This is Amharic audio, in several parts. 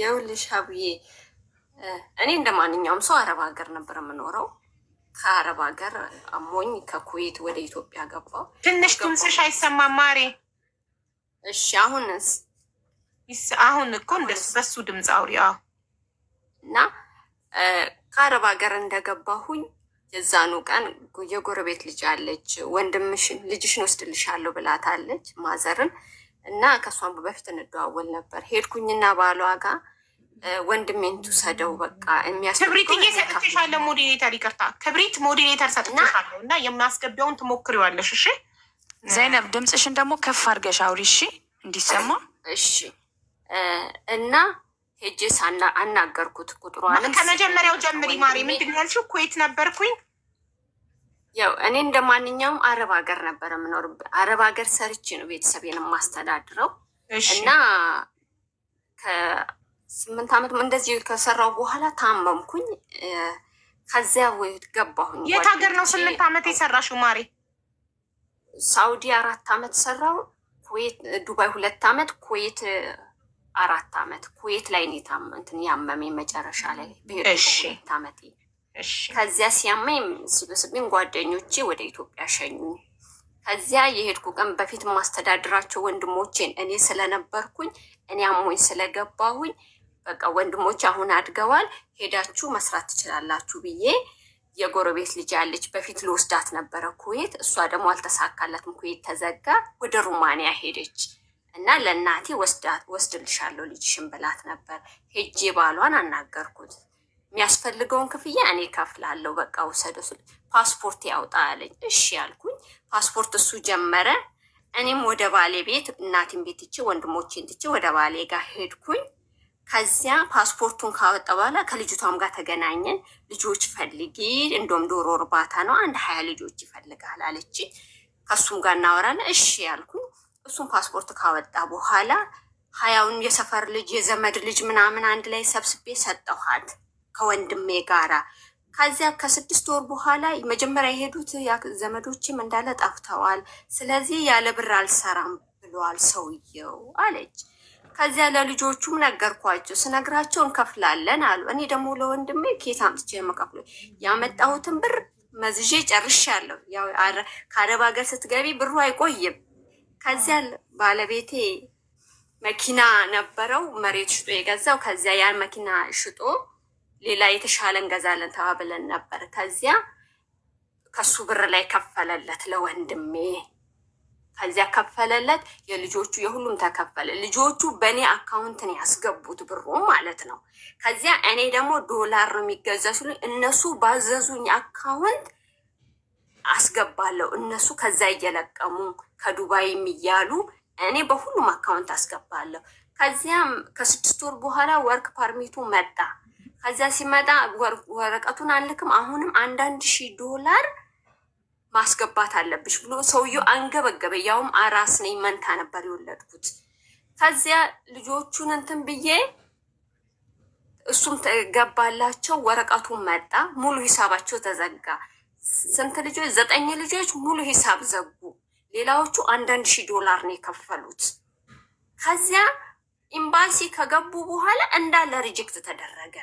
የውልሽ ሀብዬ እኔ እንደ ማንኛውም ሰው አረብ ሀገር ነበር የምኖረው። ከአረብ ሀገር አሞኝ ከኩዌት ወደ ኢትዮጵያ ገባው። ትንሽ ድምፅሽ አይሰማም ማሬ። እሺ አሁን አሁን እኮ እንደሱ በሱ ድምፅ አውሪ። እና ከአረብ ሀገር እንደገባሁኝ የዛኑ ቀን የጎረቤት ልጅ አለች፣ ወንድምሽን ልጅሽን ወስድልሻለሁ ብላታለች ማዘርን እና ከእሷን በፊት እንደዋወል ነበር። ሄድኩኝና ባሏ ጋ ወንድሜን ትውሰደው በቃ የሚያስ ክብሪትዬ ሰጥቼሻለሁ። ሞዴሬተር ይቅርታ፣ ክብሪት ሞዴሬተር ሰጥቼሻለሁ እና የምናስገቢያውን ትሞክሪዋለሽ። እሺ ዘይነብ፣ ድምፅሽን ደግሞ ከፍ አድርገሽ አውሪ እሺ፣ እንዲሰማ እሺ። እና ሄጄ አናገርኩት ቁጥሯን ከመጀመሪያው ጀምሪ ማሪ። ምንድን ያልሽው? ኩዌት ነበርኩኝ ያው እኔ እንደ ማንኛውም አረብ ሀገር ነበር የምኖር። አረብ ሀገር ሰርች ነው ቤተሰቤን የማስተዳድረው እና ከስምንት ዓመት እንደዚህ ከሰራው በኋላ ታመምኩኝ። ከዚያ ወይ ገባሁኝ። የት ሀገር ነው ስምንት ዓመት የሰራሽው ማሪ? ሳውዲ አራት ዓመት ሰራው። ኩዌት፣ ዱባይ ሁለት ዓመት፣ ኩዌት አራት ዓመት። ኩዌት ላይ ነው እንትን ያመመኝ መጨረሻ ላይ ብሄር ሁለት ዓመት ከዚያ ሲያመኝ ሲበስብኝ ጓደኞቼ ወደ ኢትዮጵያ ሸኙኝ። ከዚያ የሄድኩ ቀን በፊት ማስተዳድራቸው ወንድሞቼን እኔ ስለነበርኩኝ እኔ አሞኝ ስለገባሁኝ በቃ ወንድሞች አሁን አድገዋል፣ ሄዳችሁ መስራት ትችላላችሁ ብዬ የጎረቤት ልጅ ያለች በፊት ልወስዳት ነበረ ኩዌት። እሷ ደግሞ አልተሳካላትም፣ ኩዌት ተዘጋ። ወደ ሩማንያ ሄደች እና ለእናቴ ወስድልሻለሁ ልጅሽን ብላት ነበር። ሄጄ ባሏን አናገርኩት። የሚያስፈልገውን ክፍያ እኔ ከፍላለሁ፣ በቃ ውሰደ ፓስፖርት ያውጣ ያለኝ። እሺ ያልኩኝ ፓስፖርት እሱ ጀመረ። እኔም ወደ ባሌ ቤት እናቴን ቤት ትቼ ወንድሞቼን ትቼ ወደ ባሌ ጋር ሄድኩኝ። ከዚያ ፓስፖርቱን ካወጣ በኋላ ከልጅቷም ጋር ተገናኘን። ልጆች ፈልጊ፣ እንደውም ዶሮ እርባታ ነው አንድ ሀያ ልጆች ይፈልጋል አለች። ከእሱም ጋር እናወራለን። እሺ ያልኩኝ እሱም ፓስፖርት ካወጣ በኋላ ሀያውን የሰፈር ልጅ የዘመድ ልጅ ምናምን አንድ ላይ ሰብስቤ ሰጠኋት። ከወንድሜ ጋራ ከዚያ ከስድስት ወር በኋላ መጀመሪያ የሄዱት ዘመዶችም እንዳለ ጠፍተዋል። ስለዚህ ያለ ብር አልሰራም ብለዋል ሰውየው አለች። ከዚያ ለልጆቹም ነገርኳቸው። ስነግራቸው እንከፍላለን አሉ። እኔ ደግሞ ለወንድሜ ከየት አምጥቼ ያመጣሁትን ብር መዝዤ ጨርሻለሁ። ከአረብ ሀገር ስትገቢ ብሩ አይቆይም። ከዚያ ባለቤቴ መኪና ነበረው መሬት ሽጦ የገዛው። ከዚያ ያን መኪና ሽጦ ሌላ የተሻለ እንገዛለን ተባብለን ነበር። ከዚያ ከሱ ብር ላይ ከፈለለት ለወንድሜ። ከዚያ ከፈለለት የልጆቹ የሁሉም ተከፈለ። ልጆቹ በእኔ አካውንትን ያስገቡት ብሩ ማለት ነው። ከዚያ እኔ ደግሞ ዶላር ነው የሚገዘሱ እነሱ ባዘዙኝ አካውንት አስገባለሁ። እነሱ ከዛ እየለቀሙ ከዱባይም እያሉ እኔ በሁሉም አካውንት አስገባለሁ። ከዚያም ከስድስት ወር በኋላ ወርክ ፐርሚቱ መጣ። ከዚያ ሲመጣ ወረቀቱን አልክም አሁንም አንዳንድ ሺህ ዶላር ማስገባት አለብሽ ብሎ ሰውየው አንገበገበ። ያውም አራስ ነኝ መንታ ነበር የወለድኩት። ከዚያ ልጆቹን እንትን ብዬ እሱም ገባላቸው። ወረቀቱን መጣ፣ ሙሉ ሂሳባቸው ተዘጋ። ስንት ልጆች? ዘጠኝ ልጆች ሙሉ ሂሳብ ዘጉ። ሌላዎቹ አንዳንድ ሺህ ዶላር ነው የከፈሉት። ከዚያ ኤምባሲ ከገቡ በኋላ እንዳለ ሪጀክት ተደረገ።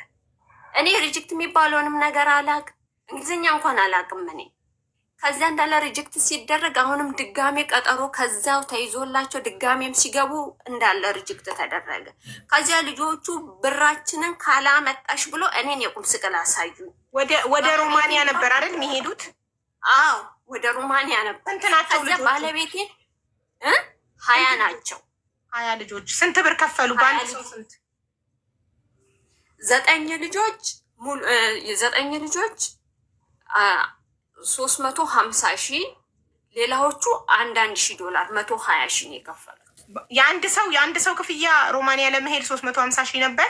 እኔ ሪጅክት የሚባለውንም ነገር አላቅ እንግሊዝኛ እንኳን አላቅም እኔ። ከዚያ እንዳለ ሪጅክት ሲደረግ አሁንም ድጋሜ ቀጠሮ ከዛው ተይዞላቸው ድጋሜም ሲገቡ እንዳለ ሪጅክት ተደረገ። ከዚያ ልጆቹ ብራችንን ካላመጣሽ ብሎ እኔን የቁም ስቅል አሳዩ። ወደ ሩማንያ ነበር አይደል የሚሄዱት? አዎ ወደ ሩማንያ ነበር። ከዚያ ባለቤቴ ሀያ ናቸው ሀያ ልጆች። ስንት ብር ከፈሉ? በአንድ ሰው ስንት ዘጠኝ ልጆች ዘጠኝ ልጆች ሶስት መቶ ሀምሳ ሺህ ሌላዎቹ አንዳንድ ሺህ ዶላር መቶ ሀያ ሺህ ነው የከፈሉት። የአንድ ሰው የአንድ ሰው ክፍያ ሮማንያ ለመሄድ ሶስት መቶ ሀምሳ ሺህ ነበር።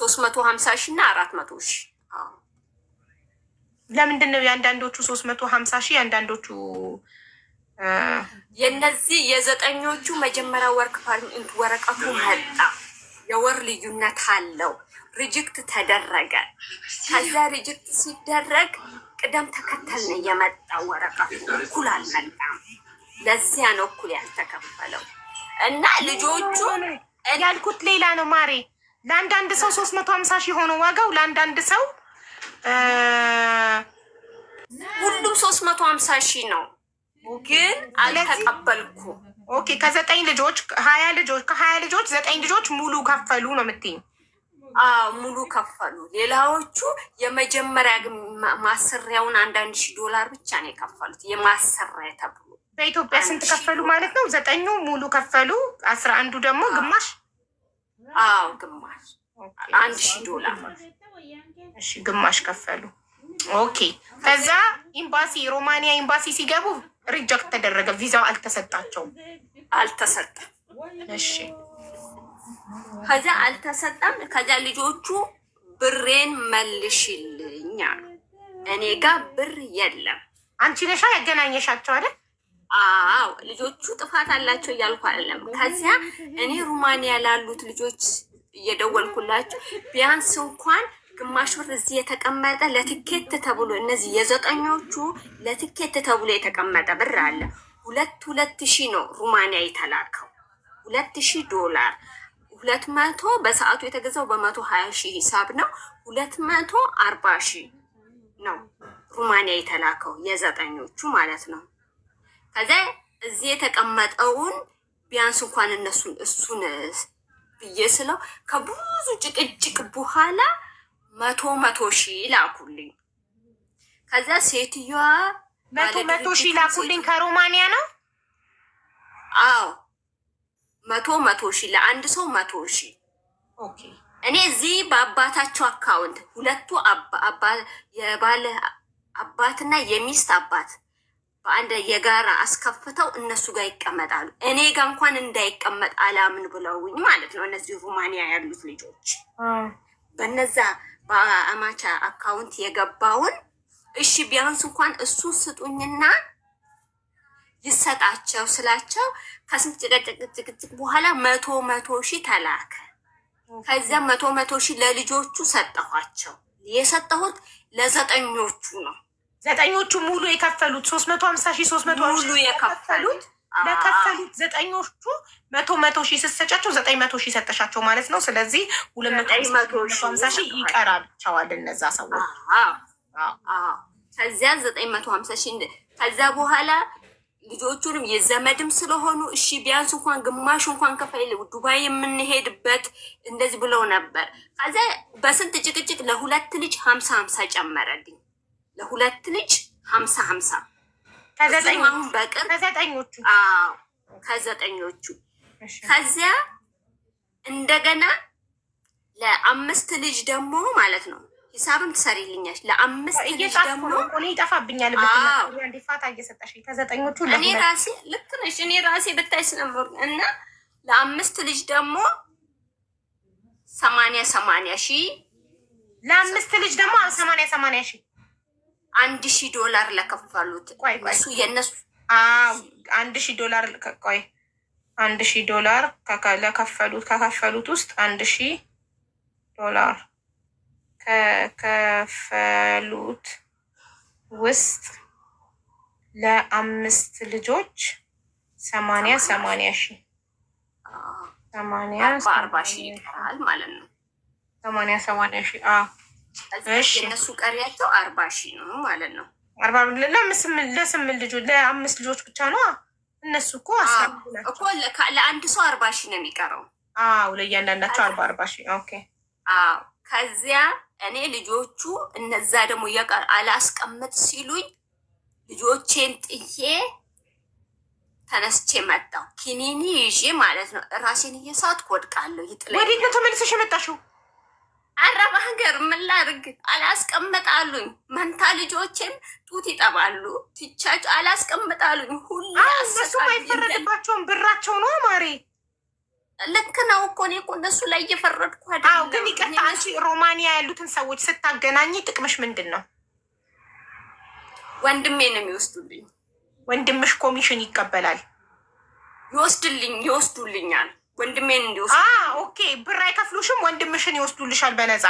ሶስት መቶ ሀምሳ ሺህ እና አራት መቶ ሺህ ለምንድን ነው የአንዳንዶቹ ሶስት መቶ ሀምሳ ሺህ የአንዳንዶቹ የነዚህ የዘጠኞቹ መጀመሪያ ወርክ ፐርሚት ወረቀቱ መጣ ልዩነት አለው። ሪጅክት ተደረገ። ከዛ ሪጅክት ሲደረግ ቅደም ተከተል ነው የመጣው። ወረቀቱ እኩል አልመጣም። ለዚያ ነው እኩል ያልተከፈለው። እና ልጆቹ ያልኩት ሌላ ነው ማሬ። ለአንዳንድ ሰው ሶስት መቶ ሀምሳ ሺህ የሆነው ዋጋው ለአንዳንድ ሰው ሁሉም ሶስት መቶ ሀምሳ ሺህ ነው፣ ግን አልተቀበልኩ ኦኬ ከዘጠኝ ልጆች ሀያ ልጆች ከሀያ ልጆች ዘጠኝ ልጆች ሙሉ ከፈሉ ነው የምትይኝ? አዎ ሙሉ ከፈሉ። ሌላዎቹ የመጀመሪያ ማሰሪያውን አንዳንድ ሺህ ዶላር ብቻ ነው የከፈሉት። የማሰሪያ ተብሎ በኢትዮጵያ ስንት ከፈሉ ማለት ነው? ዘጠኙ ሙሉ ከፈሉ፣ አስራ አንዱ ደግሞ ግማሽ። አዎ ግማሽ አንድ ሺህ ዶላር ግማሽ ከፈሉ። ኦኬ። ከዛ ኤምባሲ ሮማንያ ኤምባሲ ሲገቡ ሪጀክት ተደረገ። ቪዛው አልተሰጣቸውም። አልተሰጠም። እሺ። ከዛ አልተሰጠም። ከዛ ልጆቹ ብሬን መልሽልኛ፣ እኔ ጋር ብር የለም። አንቺ ነሻ ያገናኘሻቸው አይደል? አዎ። ልጆቹ ጥፋት አላቸው እያልኩ አይደለም። ከዚያ እኔ ሩማንያ ላሉት ልጆች እየደወልኩላቸው ቢያንስ እንኳን ግማሽ ብር እዚህ የተቀመጠ ለትኬት ተብሎ እነዚህ የዘጠኞቹ ለትኬት ተብሎ የተቀመጠ ብር አለ። ሁለት ሁለት ሺ ነው ሩማንያ የተላከው ሁለት ሺ ዶላር ሁለት መቶ በሰዓቱ የተገዛው በመቶ ሀያ ሺህ ሂሳብ ነው። ሁለት መቶ አርባ ሺህ ነው ሩማንያ የተላከው የዘጠኞቹ ማለት ነው። ከዚያ እዚህ የተቀመጠውን ቢያንስ እንኳን እነሱን እሱን ብዬ ስለው ከብዙ ጭቅጭቅ በኋላ መቶ መቶ ሺህ ላኩልኝ። ከዛ ሴትዮዋ መቶ መቶ ሺህ ላኩልኝ ከሮማንያ ነው። አዎ መቶ መቶ ሺህ ለአንድ ሰው መቶ ሺህ እኔ እዚህ በአባታቸው አካውንት ሁለቱ የባለ አባትና የሚስት አባት በአንድ የጋራ አስከፍተው እነሱ ጋር ይቀመጣሉ። እኔ ጋ እንኳን እንዳይቀመጥ አላምን ብለውኝ ማለት ነው። እነዚህ ሩማንያ ያሉት ልጆች በነዛ በአማቻ አካውንት የገባውን እሺ ቢያንስ እንኳን እሱ ስጡኝና ይሰጣቸው ስላቸው ከስንት ጭቅጭቅጭቅጭቅ በኋላ መቶ መቶ ሺ ተላከ። ከዚያ መቶ መቶ ሺ ለልጆቹ ሰጠኋቸው። የሰጠሁት ለዘጠኞቹ ነው። ዘጠኞቹ ሙሉ የከፈሉት ሶስት መቶ ሀምሳ ሺ ሶስት መቶ ሙሉ የከፈሉት ለከፈሉት ዘጠኞቹ መቶ መቶ ሺህ ስትሰጫቸው ዘጠኝ መቶ ሺህ ሰጠሻቸው ማለት ነው። ስለዚህ ሁለት መቶ ሀምሳ ሺህ ይቀራቸዋል እነዛ ሰዎች ከዚያ ዘጠኝ መቶ ሀምሳ ሺህ ከዚያ በኋላ ልጆቹንም የዘመድም ስለሆኑ እሺ ቢያንስ እንኳን ግማሽ እንኳን ከፋይል ዱባይ የምንሄድበት እንደዚህ ብለው ነበር። ከዚያ በስንት ጭቅጭቅ ለሁለት ልጅ ሀምሳ ሀምሳ ጨመረልኝ። ለሁለት ልጅ ሀምሳ ሀምሳ ከዘጠኙ በቅር ከዘጠኞቹ ከዘጠኞቹ ከዚያ እንደገና ለአምስት ልጅ ደግሞ ማለት ነው ሂሳብም ትሰሪልኛሽ። ለአምስት ልጅ ደግሞ እኔ ይጠፋብኛል። ፋታ እየሰጠሽ ከዘጠኞቹ እኔ ራሴ ልክ ነሽ። እኔ ራሴ ብታይ ስለምሩ እና ለአምስት ልጅ ደግሞ ሰማንያ ሰማንያ ሺህ ለአምስት ልጅ ደግሞ ሰማንያ ሰማንያ ሺህ አንድ ሺ ዶላር ለከፈሉት እሱ የነሱ አንድ ሺ ዶላር ቆይ አንድ ሺ ዶላር ለከፈሉት ከከፈሉት ውስጥ አንድ ሺ ዶላር ከከፈሉት ውስጥ ለአምስት ልጆች ሰማንያ ሰማንያ ሺህ ሰማንያ ሺ ይቀራል ማለት ነው። ሰማንያ ሰማንያ ሺህ የእነሱ ቀሪያቸው አርባ ነው ማለት ነው። አርባ ለስምንት ልጆች ለአምስት ልጆች ብቻ ነው። እነሱ እኮ እኮ ለአንድ ሰው አርባ ነው የሚቀረው። አዎ ለእያንዳንዳቸው አርባ አርባ ኦኬ። አዎ ከዚያ እኔ ልጆቹ እነዛ ደግሞ እያቀር አላስቀምጥ ሲሉኝ ልጆቼን ጥዬ ተነስቼ መጣሁ። ኪኒኒ ይዤ ማለት ነው። ራሴን እየሳትኩ ወድቃለሁ። ወዴት ነው ተመልሰሽ የመጣሽው? አረብ ሀገር ምን ላድርግ አላስቀምጣሉኝ። መንታ ልጆችን ጡት ይጠባሉ። ትቻች አላስቀምጣሉኝ። ሁሉእነሱ እነሱ አይፈረድባቸውም፣ ብራቸው ነው ማሬ። ልክ ነው እኮ እኔ እኮ እነሱ ላይ እየፈረድኩ አይደለም። ግን ይቅርታ፣ አንቺ ሮማንያ ያሉትን ሰዎች ስታገናኝ ጥቅምሽ ምንድን ነው? ወንድሜ ነው የሚወስዱልኝ። ወንድምሽ ኮሚሽን ይቀበላል። ይወስድልኝ፣ ይወስዱልኛል ወንድሜ እንዲወስድ። ኦኬ ብር አይከፍሉሽም፣ ወንድምሽን ይወስዱልሻል በነፃ።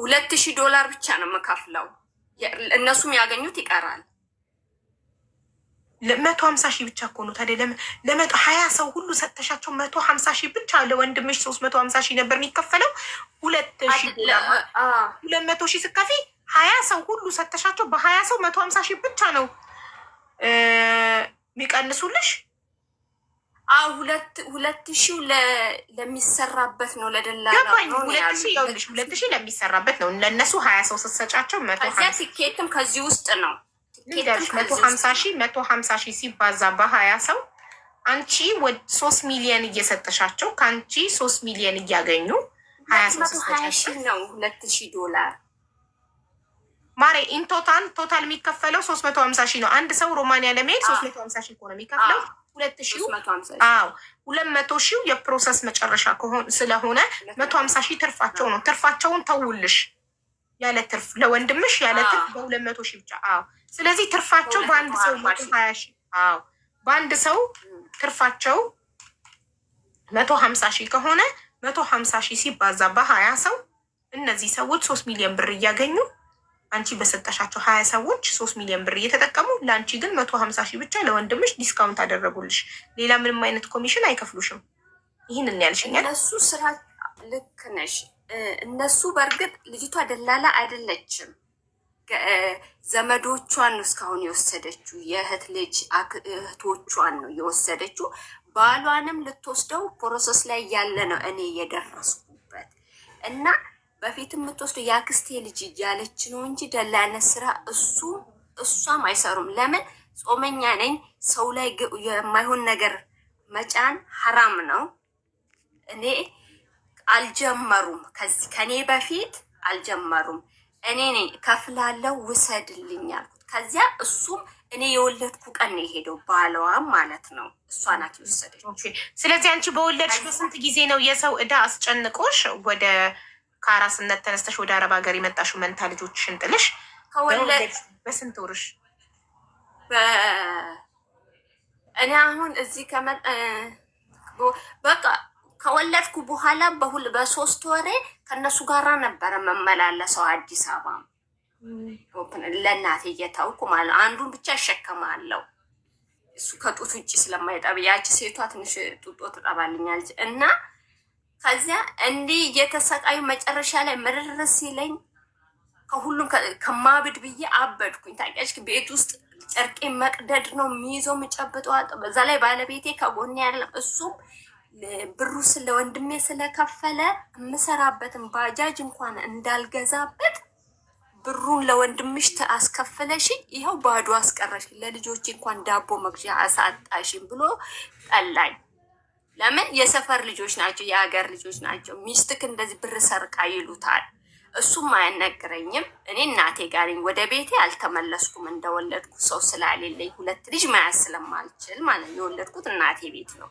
ሁለት ሺህ ዶላር ብቻ ነው የምከፍለው። እነሱም ያገኙት ይቀራል። መቶ ሀምሳ ሺህ ብቻ እኮ ነው ታዲያ። ለመቶ ሀያ ሰው ሁሉ ሰጥተሻቸው መቶ ሀምሳ ሺህ ብቻ ለወንድምሽ ሶስት መቶ ሀምሳ ሺህ ነበር የሚከፈለው። ሁለት ሺህ ሁለት መቶ ሺህ ስከፊ ሀያ ሰው ሁሉ ሰጥተሻቸው በሀያ ሰው መቶ ሀምሳ ሺህ ብቻ ነው የሚቀንሱልሽ። ሁለት ለሚሰራበት ነው ለደላሁለት ሺ ለሚሰራበት ነው። ለእነሱ ሀያ ሰው ስትሰጫቸው ከዚያ ከዚህ ውስጥ ነው። መቶ ሀምሳ ሺ መቶ ሀምሳ ሺ ሲባዛ በሀያ ሰው አንቺ ሶስት ሚሊየን እየሰጠሻቸው ከአንቺ ሶስት ሚሊየን እያገኙ ነው ሁለት ሺ ዶላር ማሬ ኢን ቶታል የሚከፈለው ሶስት መቶ ሀምሳ ሺ ነው። አንድ ሰው ሮማንያ ለመሄድ ሶስት መቶ ሀምሳ ሺ ነው የሚከፍለው ሁለት ሺው አዎ ሁለት መቶ ሺው የፕሮሰስ መጨረሻ ስለሆነ መቶ ሀምሳ ሺህ ትርፋቸው ነው። ትርፋቸውን ተውልሽ ያለ ትርፍ ለወንድምሽ ያለ ትርፍ በሁለት መቶ ሺህ ብቻ። አዎ ስለዚህ ትርፋቸው በአንድ ሰው መቶ ሀያ ሺህ አዎ በአንድ ሰው ትርፋቸው መቶ ሀምሳ ሺህ ከሆነ መቶ ሀምሳ ሺህ ሲባዛ በሀያ ሰው እነዚህ ሰዎች ሶስት ሚሊዮን ብር እያገኙ አንቺ በሰጠሻቸው ሀያ ሰዎች ሶስት ሚሊዮን ብር እየተጠቀሙ ለአንቺ ግን መቶ ሀምሳ ሺህ ብቻ ለወንድምሽ ዲስካውንት አደረጉልሽ። ሌላ ምንም አይነት ኮሚሽን አይከፍሉሽም። ይህንን ያልሽኛል። እነሱ ስራ ልክ ነሽ። እነሱ በእርግጥ ልጅቷ ደላላ አይደለችም። ዘመዶቿን ነው እስካሁን የወሰደችው። የእህት ልጅ እህቶቿን ነው የወሰደችው። ባሏንም ልትወስደው ፕሮሰስ ላይ ያለ ነው እኔ የደረስኩበት እና በፊት የምትወስዱ የአክስቴ ልጅ እያለች ነው እንጂ ደላነት ስራ እሱ እሷም አይሰሩም። ለምን ጾመኛ ነኝ። ሰው ላይ የማይሆን ነገር መጫን ሀራም ነው። እኔ አልጀመሩም፣ ከኔ በፊት አልጀመሩም። እኔ ነኝ ከፍላለው ውሰድልኝ አልኩት። ከዚያ እሱም እኔ የወለድኩ ቀን ነው የሄደው፣ ባለዋም ማለት ነው። እሷ ናት የወሰደች። ስለዚህ አንቺ በወለድሽ በስንት ጊዜ ነው የሰው እዳ አስጨንቆሽ ወደ ከአራስነት ተነስተሽ ወደ አረብ ሀገር የመጣሽው መንታ ልጆችሽን ጥልሽ ከወለድ በስንት ወርሽ? እኔ አሁን እዚህ በቃ ከወለድኩ በኋላ በሁል በሶስት ወሬ ከእነሱ ጋራ ነበረ መመላለሰው አዲስ አበባ ለእናቴ እየታውኩ ማለት አንዱን ብቻ እሸከማለሁ። እሱ ከጡት ውጭ ስለማይጠብ ያቺ ሴቷ ትንሽ ጡጦ ትጠባልኛለች እና ከዚያ እንዲህ እየተሰቃዩ መጨረሻ ላይ ምርር ሲለኝ ከሁሉም ከማብድ ብዬ አበድኩኝ። ታውቂያለሽ፣ ቤት ውስጥ ጨርቄ መቅደድ ነው የሚይዘው የምጨብጠው። በዛ ላይ ባለቤቴ ከጎን ያለ እሱም ብሩ ስለ ወንድሜ ስለከፈለ የምሰራበትን ባጃጅ እንኳን እንዳልገዛበት ብሩን ለወንድምሽ አስከፍለሽኝ ይኸው ባዶ አስቀረሽ፣ ለልጆች እንኳን ዳቦ መግዣ አሳጣሽኝ ብሎ ጠላኝ። ለምን የሰፈር ልጆች ናቸው፣ የሀገር ልጆች ናቸው። ሚስትክ እንደዚህ ብር ሰርቃ ይሉታል። እሱም አያነግረኝም። እኔ እናቴ ጋር ነኝ። ወደ ቤቴ አልተመለስኩም እንደወለድኩ ሰው ስላሌለኝ ሁለት ልጅ መያዝ ስለማልችል ማለት ነው። የወለድኩት እናቴ ቤት ነው።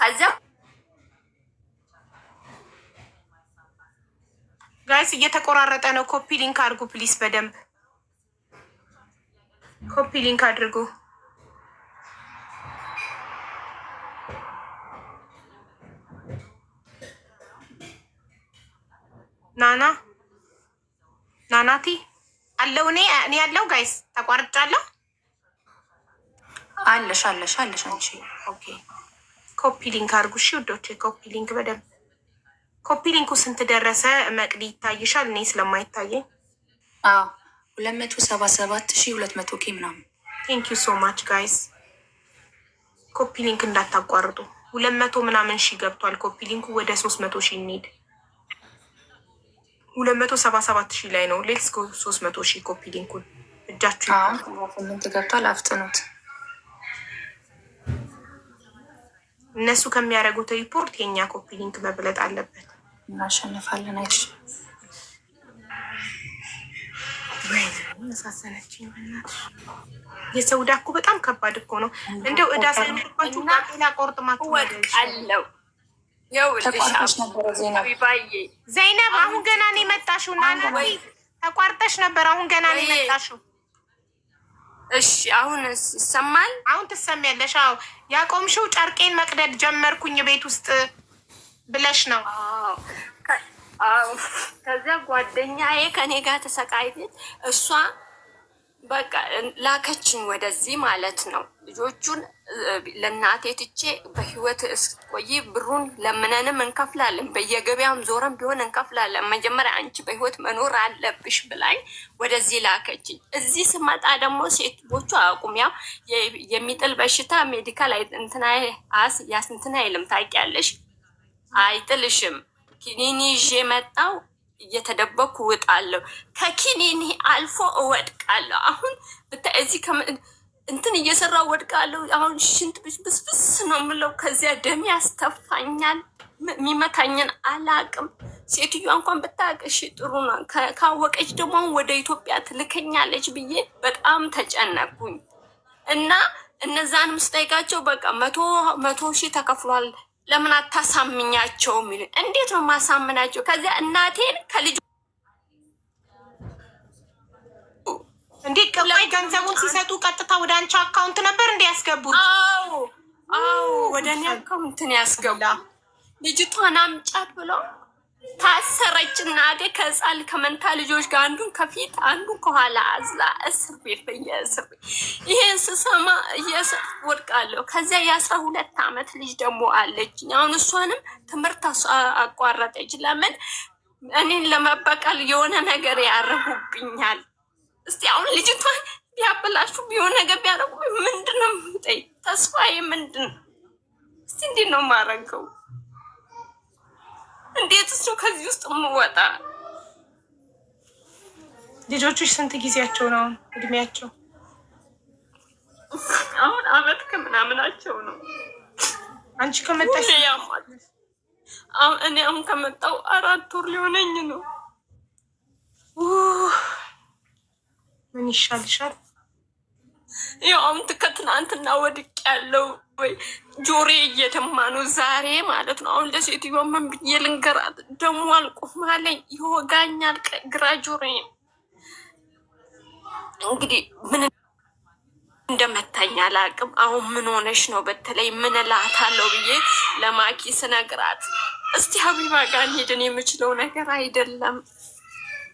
ከዚያ ጋይስ እየተቆራረጠ ነው። ኮፒ ሊንክ አድርጉ ፕሊስ። በደንብ ኮፒ ሊንክ አድርጉ። ናና ናናቲ አለው እኔ እኔ ያለው ጋይስ ተቋርጫለሁ። አለሽ አለሽ አለሽ አንቺ ኦኬ። ኮፒ ሊንክ አድርጉ እሺ ውዶች፣ ኮፒ ሊንክ በደምብ ኮፒ ሊንኩ ስንት ደረሰ? መቅዲ ይታይሻል? እኔ ስለማይታየኝ ሁለት መቶ ሰባ ሰባት ሺ ሁለት መቶ ኬ ምናምን። ቴንክ ዩ ሶ ማች ጋይስ፣ ኮፒ ሊንክ እንዳታቋርጡ። ሁለት መቶ ምናምን ሺ ገብቷል ኮፒ ሊንኩ። ወደ ሶስት መቶ ሺ እንሂድ ሁለት መቶ ሰባ ሰባት ሺህ ላይ ነው። ሌትስ ጎ ሶስት መቶ ሺህ ኮፒ ሊንኩን እጃችሁ ስምንት ገብቷል። አፍጥኑት። እነሱ ከሚያደርጉት ሪፖርት የእኛ ኮፒ ሊንክ መብለጥ አለበት። እናሸንፋለን። አይሽ ሳሰነች የሰው ዕዳ እኮ በጣም ከባድ እኮ ነው። እንደው ዕዳ ሳይኖርባችሁ ባቄላ ቆርጥማችሁ አለው ተቋርጠሽ ዘይነብ። አሁን ገና ነው የመጣሽው እና ተቋርጠሽ ነበር። አሁን ገና ነው የመጣሽው። እሺ አሁን ይሰማል። አሁን ትሰሚያለሽ። አዎ ያቆምሽው ጨርቄን መቅደድ ጀመርኩኝ ቤት ውስጥ ብለሽ ነው። ከዚያ ጓደኛዬ ከኔ ጋር ተሰቃይት ። እሷ በቃ ላከችኝ ወደዚህ ማለት ነው። ልጆቹን ለእናቴ ትቼ በህይወት እስቆይ ብሩን ለምነንም እንከፍላለን፣ በየገበያም ዞረን ቢሆን እንከፍላለን። መጀመሪያ አንቺ በህይወት መኖር አለብሽ ብላኝ ወደዚህ ላከችኝ። እዚህ ስመጣ ደግሞ ሴቶቹ አቁም ያው የሚጥል በሽታ ሜዲካል እንትና አስ ያስንትና አይልም ታውቂያለሽ፣ አይጥልሽም። ኪኒኒ ይዤ መጣው እየተደበኩ እወጣለሁ። ከኪኒኒ አልፎ እወድቃለሁ። አሁን ብታይ እዚህ እንትን እየሰራ ወድቃለሁ። አሁን ሽንት ብስብስ ነው የምለው። ከዚያ ደም ያስተፋኛል። የሚመታኝን አላቅም። ሴትዮዋ እንኳን ብታውቅ ጥሩ ነው። ካወቀች ደግሞ ወደ ኢትዮጵያ ትልከኛለች ብዬ በጣም ተጨነኩኝ እና እነዛንም ስጠይቃቸው በቃ መቶ መቶ ሺህ ተከፍሏል ለምን አታሳምኛቸው? የሚል እንዴት ነው ማሳምናቸው? ከዚያ እናቴን ከልጅ እንዴት ቀብላይ ገንዘቡን ሲሰጡ ቀጥታ ወደ አንቺ አካውንት ነበር እንዴ ያስገቡት? አዎ አዎ፣ ወደ እኔ አካውንትን ያስገቡ ልጅቷን አምጫት ብለው ታሰረች እና አደይ ከህፃን ከመንታ ልጆች ጋር አንዱን ከፊት አንዱን ከኋላ አዝላ እስር ቤት በየእስር ቤት ይሄን ስሰማ እየእስር ከዚያ የአስራ ሁለት አመት ልጅ ደግሞ አለች። አሁን እሷንም ትምህርት አቋረጠች። ለምን እኔን ለመበቀል የሆነ ነገር ያረጉብኛል። እስቲ አሁን ልጅቷን ቢያበላሹ ቢሆን ነገር ቢያደረጉ ምንድን ነው የምጠይቅ? ተስፋዬ ምንድን እስቲ እንዴት ነው የማደርገው? እንዴት እሱ ከዚህ ውስጥ ምወጣ? ልጆቹሽ ስንት ጊዜያቸው ነው? እድሜያቸው አሁን አመት ከምናምናቸው ነው። አንቺ ከመጣሽ እኔ አሁን ከመጣው አራት ወር ሊሆነኝ ነው። ምን ይሻልሻል? ያው አሁን ከትናንትና ወዲህ ያለው ወይ ጆሬ እየደማ ነው ዛሬ ማለት ነው። አሁን ለሴትዮ ምን ብዬ ልንገራት? ደሞ አልቆም አለኝ ይወጋኛል፣ ግራ ጆሬ እንግዲህ ምን እንደመታኝ አላቅም። አሁን ምን ሆነሽ ነው በተለይ ምን እላታለሁ ብዬ ለማኪ ስነግራት፣ እስቲ ሀቢባ ጋር ሄድን የምችለው ነገር አይደለም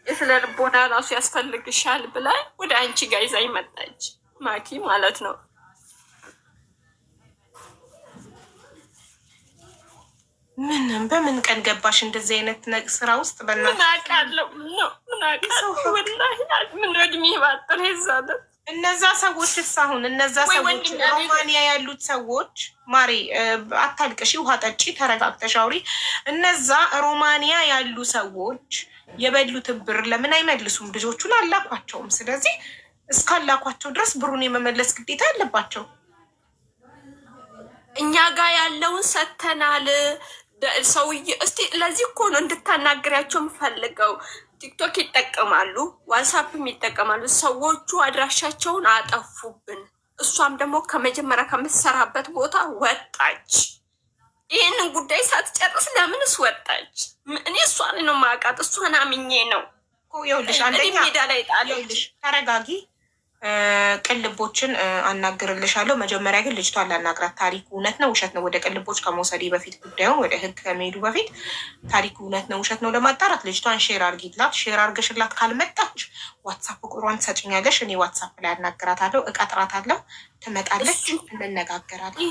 የስነ ልቦና ራሱ ያስፈልግሻል ብላኝ ወደ አንቺ ጋር ይዛኝ መጣች ማኪ ማለት ነው። ምንም በምን ቀን ገባሽ እንደዚህ አይነት ስራ ውስጥ? በምን እነዛ ሰዎች እስካሁን እነዛ ሰዎች ሮማንያ ያሉት ሰዎች ማሪ አታልቅሺ፣ ውሃ ጠጪ፣ ተረጋግተሽ አውሪ። እነዛ ሮማንያ ያሉ ሰዎች የበሉትን ብር ለምን አይመልሱም? ልጆቹን አላኳቸውም። ስለዚህ እስካላኳቸው ድረስ ብሩን የመመለስ ግዴታ አለባቸው። እኛ ጋር ያለውን ሰጥተናል። ሰውዬ እስቲ ለዚህ እኮ ነው እንድታናግሪያቸው ምፈልገው። ቲክቶክ ይጠቀማሉ፣ ዋትሳፕም ይጠቀማሉ። ሰዎቹ አድራሻቸውን አጠፉብን። እሷም ደግሞ ከመጀመሪያ ከምትሰራበት ቦታ ወጣች። ይህንን ጉዳይ ሳትጨርስ ለምንስ ወጣች? እኔ እሷን ነው ማውቃት፣ እሷን አምኜ ነው። ይኸውልሽ ሜዳ ላይ ጣለሽ። ተረጋጊ ቅልቦችን አናግርልሻለሁ። መጀመሪያ ግን ልጅቷ ላናግራት። ታሪኩ እውነት ነው ውሸት ነው? ወደ ቅልቦች ከመውሰድ በፊት ጉዳዩን ወደ ህግ ከመሄዱ በፊት ታሪኩ እውነት ነው ውሸት ነው ለማጣራት ልጅቷን ሼር አርጊላት። ሼር አርገሽላት ካልመጣች ዋትሳፕ ቁጥሯን ትሰጭኛለሽ። እኔ ዋትሳፕ ላይ አናግራታለሁ፣ እቀጥራታለሁ። ትመጣለች፣ እንነጋገራለን።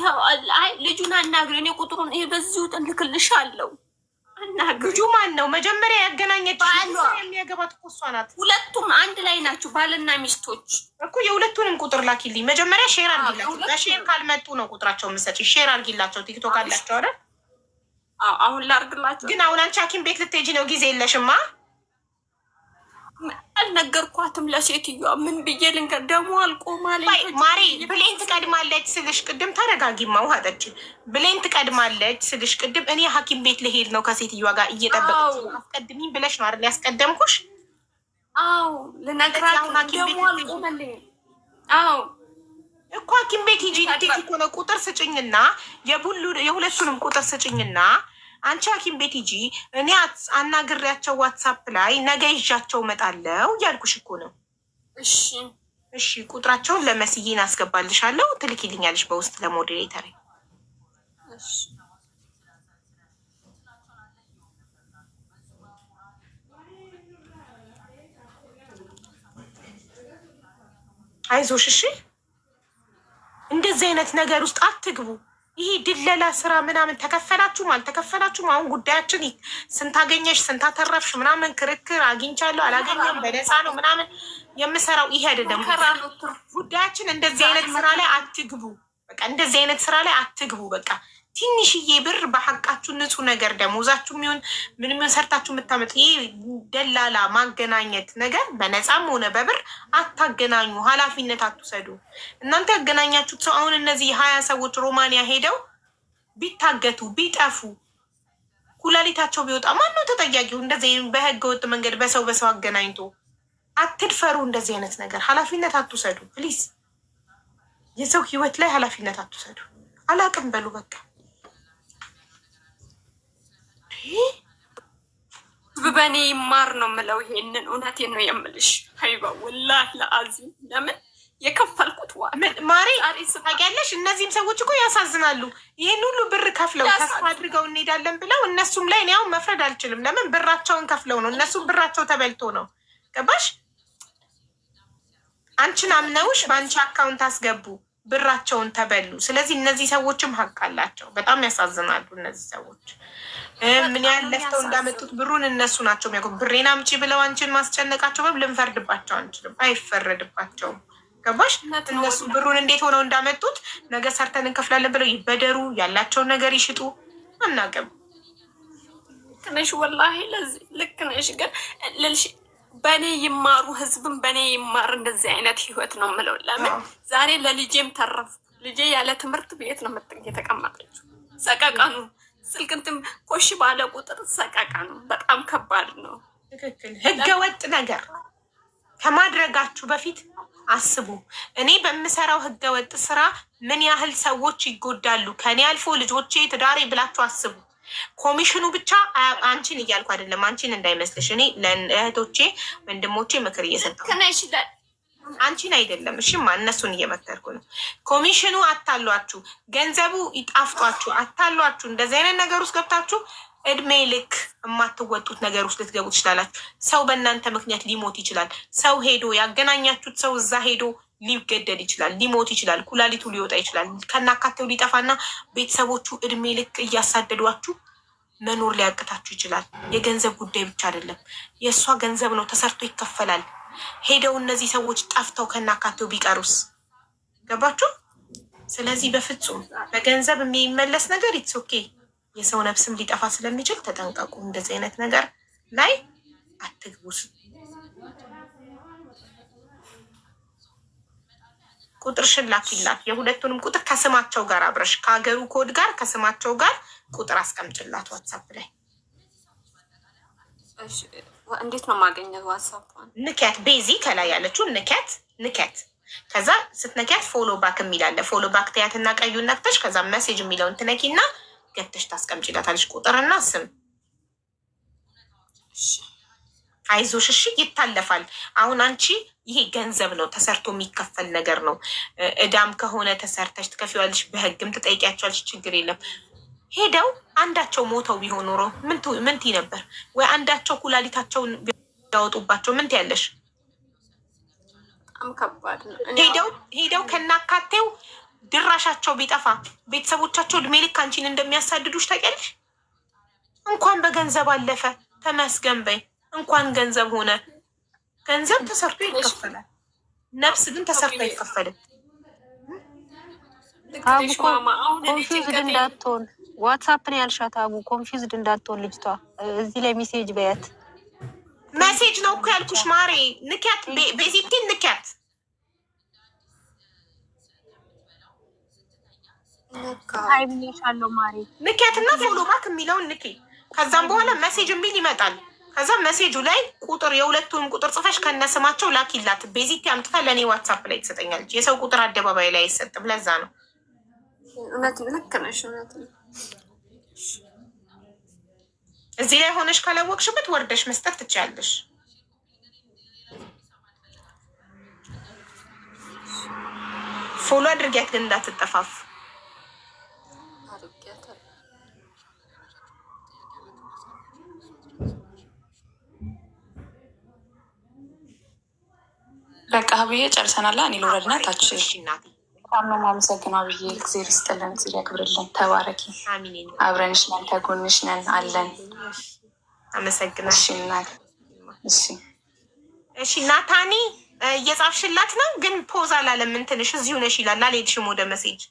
ልጁን አናግር፣ እኔ ቁጥሩን ይሄ በዚሁ እልክልሻለሁ ልጁ ማን ነው? መጀመሪያ ያገናኘች የሚያገባት እኮ እሷ ናት። ሁለቱም አንድ ላይ ናቸው ባልና ሚስቶች እኮ። የሁለቱንም ቁጥር ላኪልኝ መጀመሪያ። ሼር አርጊላቸው። በሼር ካልመጡ ነው ቁጥራቸው የምትሰጪ። ሼር አርጊላቸው። ቲክቶክ አላቸው አይደል? አሁን ላርግላቸው። ግን አሁን አንቺ ሐኪም ቤት ልትሄጂ ነው፣ ጊዜ የለሽማ አልነገርኳትም ለሴትዮዋ ምን ብዬ ልንገር? ደግሞ አልቆማል። ማሪ ብሌን ትቀድማለች ስልሽ ቅድም ተረጋጊማ፣ ውሃ ጠጪ። ብሌን ትቀድማለች ስልሽ ቅድም እኔ ሐኪም ቤት ልሄድ ነው ከሴትዮዋ ጋር እየጠበቀች አስቀድሚ ብለሽ ነው አይደል ያስቀደምኩሽ? አዎ ልነግራት ደግሞ አልቆመልኝ። አዎ እኮ ሐኪም ቤት ሂጂ። ቁጥር ስጭኝና የሁለቱንም ቁጥር ስጭኝና አንቺ ሐኪም ቤት ሂጂ፣ እኔ አናግሬያቸው ዋትሳፕ ላይ ነገ ይዣቸው እመጣለሁ እያልኩሽ እኮ ነው። እሺ እሺ፣ ቁጥራቸውን ለመስዬን አስገባልሻለሁ፣ ትልኪልኛለሽ በውስጥ ለሞዴሬተር። አይዞሽ፣ እሺ። እንደዚህ አይነት ነገር ውስጥ አትግቡ። ይሄ ድለላ ስራ ምናምን ተከፈላችሁም አልተከፈላችሁም አሁን ጉዳያችን ስንታገኘሽ ስንታተረፍሽ ምናምን ክርክር አግኝቻለሁ አላገኘም በነፃ ነው ምናምን የምሰራው ይሄ አይደለም ጉዳያችን። እንደዚህ አይነት ስራ ላይ አትግቡ። በቃ እንደዚህ አይነት ስራ ላይ አትግቡ። በቃ ትንሽዬ ብር በሀቃችሁ ንጹህ ነገር ደሞዛችሁ የሚሆን ምንም ሰርታችሁ የምታመጡ ይህ ደላላ ማገናኘት ነገር በነፃም ሆነ በብር አታገናኙ። ኃላፊነት አትውሰዱ። እናንተ ያገናኛችሁት ሰው አሁን እነዚህ ሀያ ሰዎች ሮማንያ ሄደው ቢታገቱ ቢጠፉ ኩላሊታቸው ቢወጣ ነው ተጠያቂው? እንደዚህ በህገ ወጥ መንገድ በሰው በሰው አገናኝቶ አትድፈሩ። እንደዚህ አይነት ነገር ኃላፊነት አትውሰዱ። ፕሊዝ የሰው ህይወት ላይ ኃላፊነት አትውሰዱ። አላቅም በሉ በቃ። በእኔ ይማር ነው የምለው። ይሄንን እውነቴ ነው የምልሽ ሀይባ ወላሂ ለአዚ ለምን የከፈልኩት ማሪ ታውቂያለሽ። እነዚህም ሰዎች እኮ ያሳዝናሉ። ይህን ሁሉ ብር ከፍለው ተስፋ አድርገው እንሄዳለን ብለው እነሱም ላይ እኔ መፍረድ አልችልም። ለምን ብራቸውን ከፍለው ነው፣ እነሱም ብራቸው ተበልቶ ነው። ገባሽ? አንቺን አምነውሽ በአንቺ አካውንት አስገቡ፣ ብራቸውን ተበሉ። ስለዚህ እነዚህ ሰዎችም ሀቅ አላቸው። በጣም ያሳዝናሉ እነዚህ ሰዎች። ምን ያህል ለፍተው እንዳመጡት ብሩን እነሱ ናቸው የሚያውቁ። ብሬን አምጪ ብለው አንቺን ማስጨነቃቸው በብ ልንፈርድባቸው አንችልም፣ አይፈረድባቸውም። ገባሽ? እነሱ ብሩን እንዴት ሆነው እንዳመጡት ነገ ሰርተን እንከፍላለን ብለው ይበደሩ፣ ያላቸውን ነገር ይሽጡ፣ አናውቅም። ትንሽ ወላሂ ልክ ነሽ፣ ግን ልልሽ በእኔ ይማሩ ህዝብም በእኔ ይማር። እንደዚህ አይነት ህይወት ነው የምለው። ለምን ዛሬ ለልጄም ተረፍ። ልጄ ያለ ትምህርት ቤት ነው የተቀመጠችው። ሰቀቀኑ ስልክንትም እንትን ኮሽ ባለ ቁጥር ሰቀቀ ነው። በጣም ከባድ ነው። ህገ ወጥ ነገር ከማድረጋችሁ በፊት አስቡ። እኔ በምሰራው ህገ ወጥ ስራ ምን ያህል ሰዎች ይጎዳሉ፣ ከኔ አልፎ ልጆቼ፣ ትዳሬ ብላችሁ አስቡ። ኮሚሽኑ ብቻ አንቺን እያልኩ አይደለም፣ አንቺን እንዳይመስልሽ። እኔ ለእህቶቼ ወንድሞቼ ምክር እየሰጠሁ አንቺን አይደለም። እሺ እነሱን እየመከርኩ ነው። ኮሚሽኑ አታሏችሁ፣ ገንዘቡ ይጣፍጧችሁ፣ አታሏችሁ። እንደዚህ አይነት ነገር ውስጥ ገብታችሁ እድሜ ልክ የማትወጡት ነገር ውስጥ ልትገቡ ትችላላችሁ። ሰው በእናንተ ምክንያት ሊሞት ይችላል። ሰው ሄዶ ያገናኛችሁት ሰው እዛ ሄዶ ሊገደል ይችላል። ሊሞት ይችላል። ኩላሊቱ ሊወጣ ይችላል። ከናካቴው ሊጠፋና ቤተሰቦቹ እድሜ ልክ እያሳደዷችሁ መኖር ሊያቅታችሁ ይችላል። የገንዘብ ጉዳይ ብቻ አይደለም። የእሷ ገንዘብ ነው፣ ተሰርቶ ይከፈላል። ሄደው እነዚህ ሰዎች ጠፍተው ከናካቴው ቢቀሩስ? ገባችሁ? ስለዚህ በፍጹም በገንዘብ የሚመለስ ነገር ኢትስ ኦኬ። የሰው ነፍስም ሊጠፋ ስለሚችል ተጠንቀቁ። እንደዚህ አይነት ነገር ላይ አትግቡስ። ቁጥር ሽላክ ይላት የሁለቱንም ቁጥር ከስማቸው ጋር አብረሽ ከሀገሩ ኮድ ጋር ከስማቸው ጋር ቁጥር አስቀምጭላት ዋትሳፕ ላይ እንዴት ነው ማገኘት? ዋትሳፕን ንከት፣ ቤዚ ከላይ ያለችው ንከት፣ ንከት። ከዛ ስትነኪያት ፎሎ ባክ አለ። ፎሎ ባክ ትያትና ቀዩ ነክተሽ ከዛ መሴጅ የሚለውን ትነኪና ገብተሽ ታስቀምጪላታለሽ ቁጥርና ስም። አይዞሽ እሺ፣ ይታለፋል። አሁን አንቺ ይሄ ገንዘብ ነው፣ ተሰርቶ የሚከፈል ነገር ነው። እዳም ከሆነ ተሰርተሽ ትከፊዋለሽ፣ በህግም ትጠይቂያቸዋለሽ። ችግር የለም። ሄደው አንዳቸው ሞተው ቢሆን ኖሮ ምንት ነበር ወይ? አንዳቸው ኩላሊታቸውን ቢያወጡባቸው ምንት ያለሽ? ሄደው ከናካቴው ድራሻቸው ቢጠፋ ቤተሰቦቻቸው እድሜ ልክ አንቺን እንደሚያሳድዱሽ ታውቂያለሽ። እንኳን በገንዘብ አለፈ ተመስገን በይ። እንኳን ገንዘብ ሆነ ገንዘብ ተሰርቶ ይከፈላል። ነፍስ ግን ተሰርቶ አይከፈልም። ኮንፊውዝድ እንዳትሆን ዋትሳፕን ያልሻት። አቡ ኮንፊውዝድ እንዳትሆን ልጅቷ። እዚህ ላይ ሜሴጅ በያት። መሴጅ ነው እኮ ያልኩሽ ማሬ። ንኪያት፣ ቤዚቲን ንኪያት። ታይምሻለው ማሬ። ንኪያት እና ፎሎ ባክ የሚለውን ንኪ። ከዛም በኋላ መሴጅ የሚል ይመጣል። ከዛም መሴጁ ላይ ቁጥር የሁለቱም ቁጥር ጽፈሽ ከነስማቸው ላኪላት። ቤዚቲ አምጥታ ለእኔ ዋትሳፕ ላይ ትሰጠኛለች። የሰው ቁጥር አደባባይ ላይ አይሰጥም። ለዛ ነው እውነት። ልክ ነሽ፣ እውነት ነው። እዚህ ላይ ሆነሽ ካላወቅሽበት ወርደሽ መስጠት ትችያለሽ። ፎሎ አድርጊያት ግን እንዳትጠፋፉ። በቃ ብዬ ጨርሰናላ። እኔ ልውረድና ታች በጣም ነው የማመሰግነው ብዬ እግዜር ይስጥልን፣ እግዜር ያክብርልን። ተባረኪ። አብረንሽ ነን፣ ከጎንሽ ነን፣ አለን። አመሰግናል። እሺ ናታኒ እየጻፍሽላት ነው፣ ግን ፖዝ አላለም። እንትንሽ እዚሁ ነሽ ይላል። አልሄድሽም ወደ መሴጅ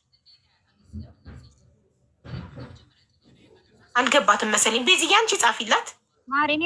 አልገባትም መሰለኝ። ቤዚዬ አንቺ ጻፊላት ማሬኔ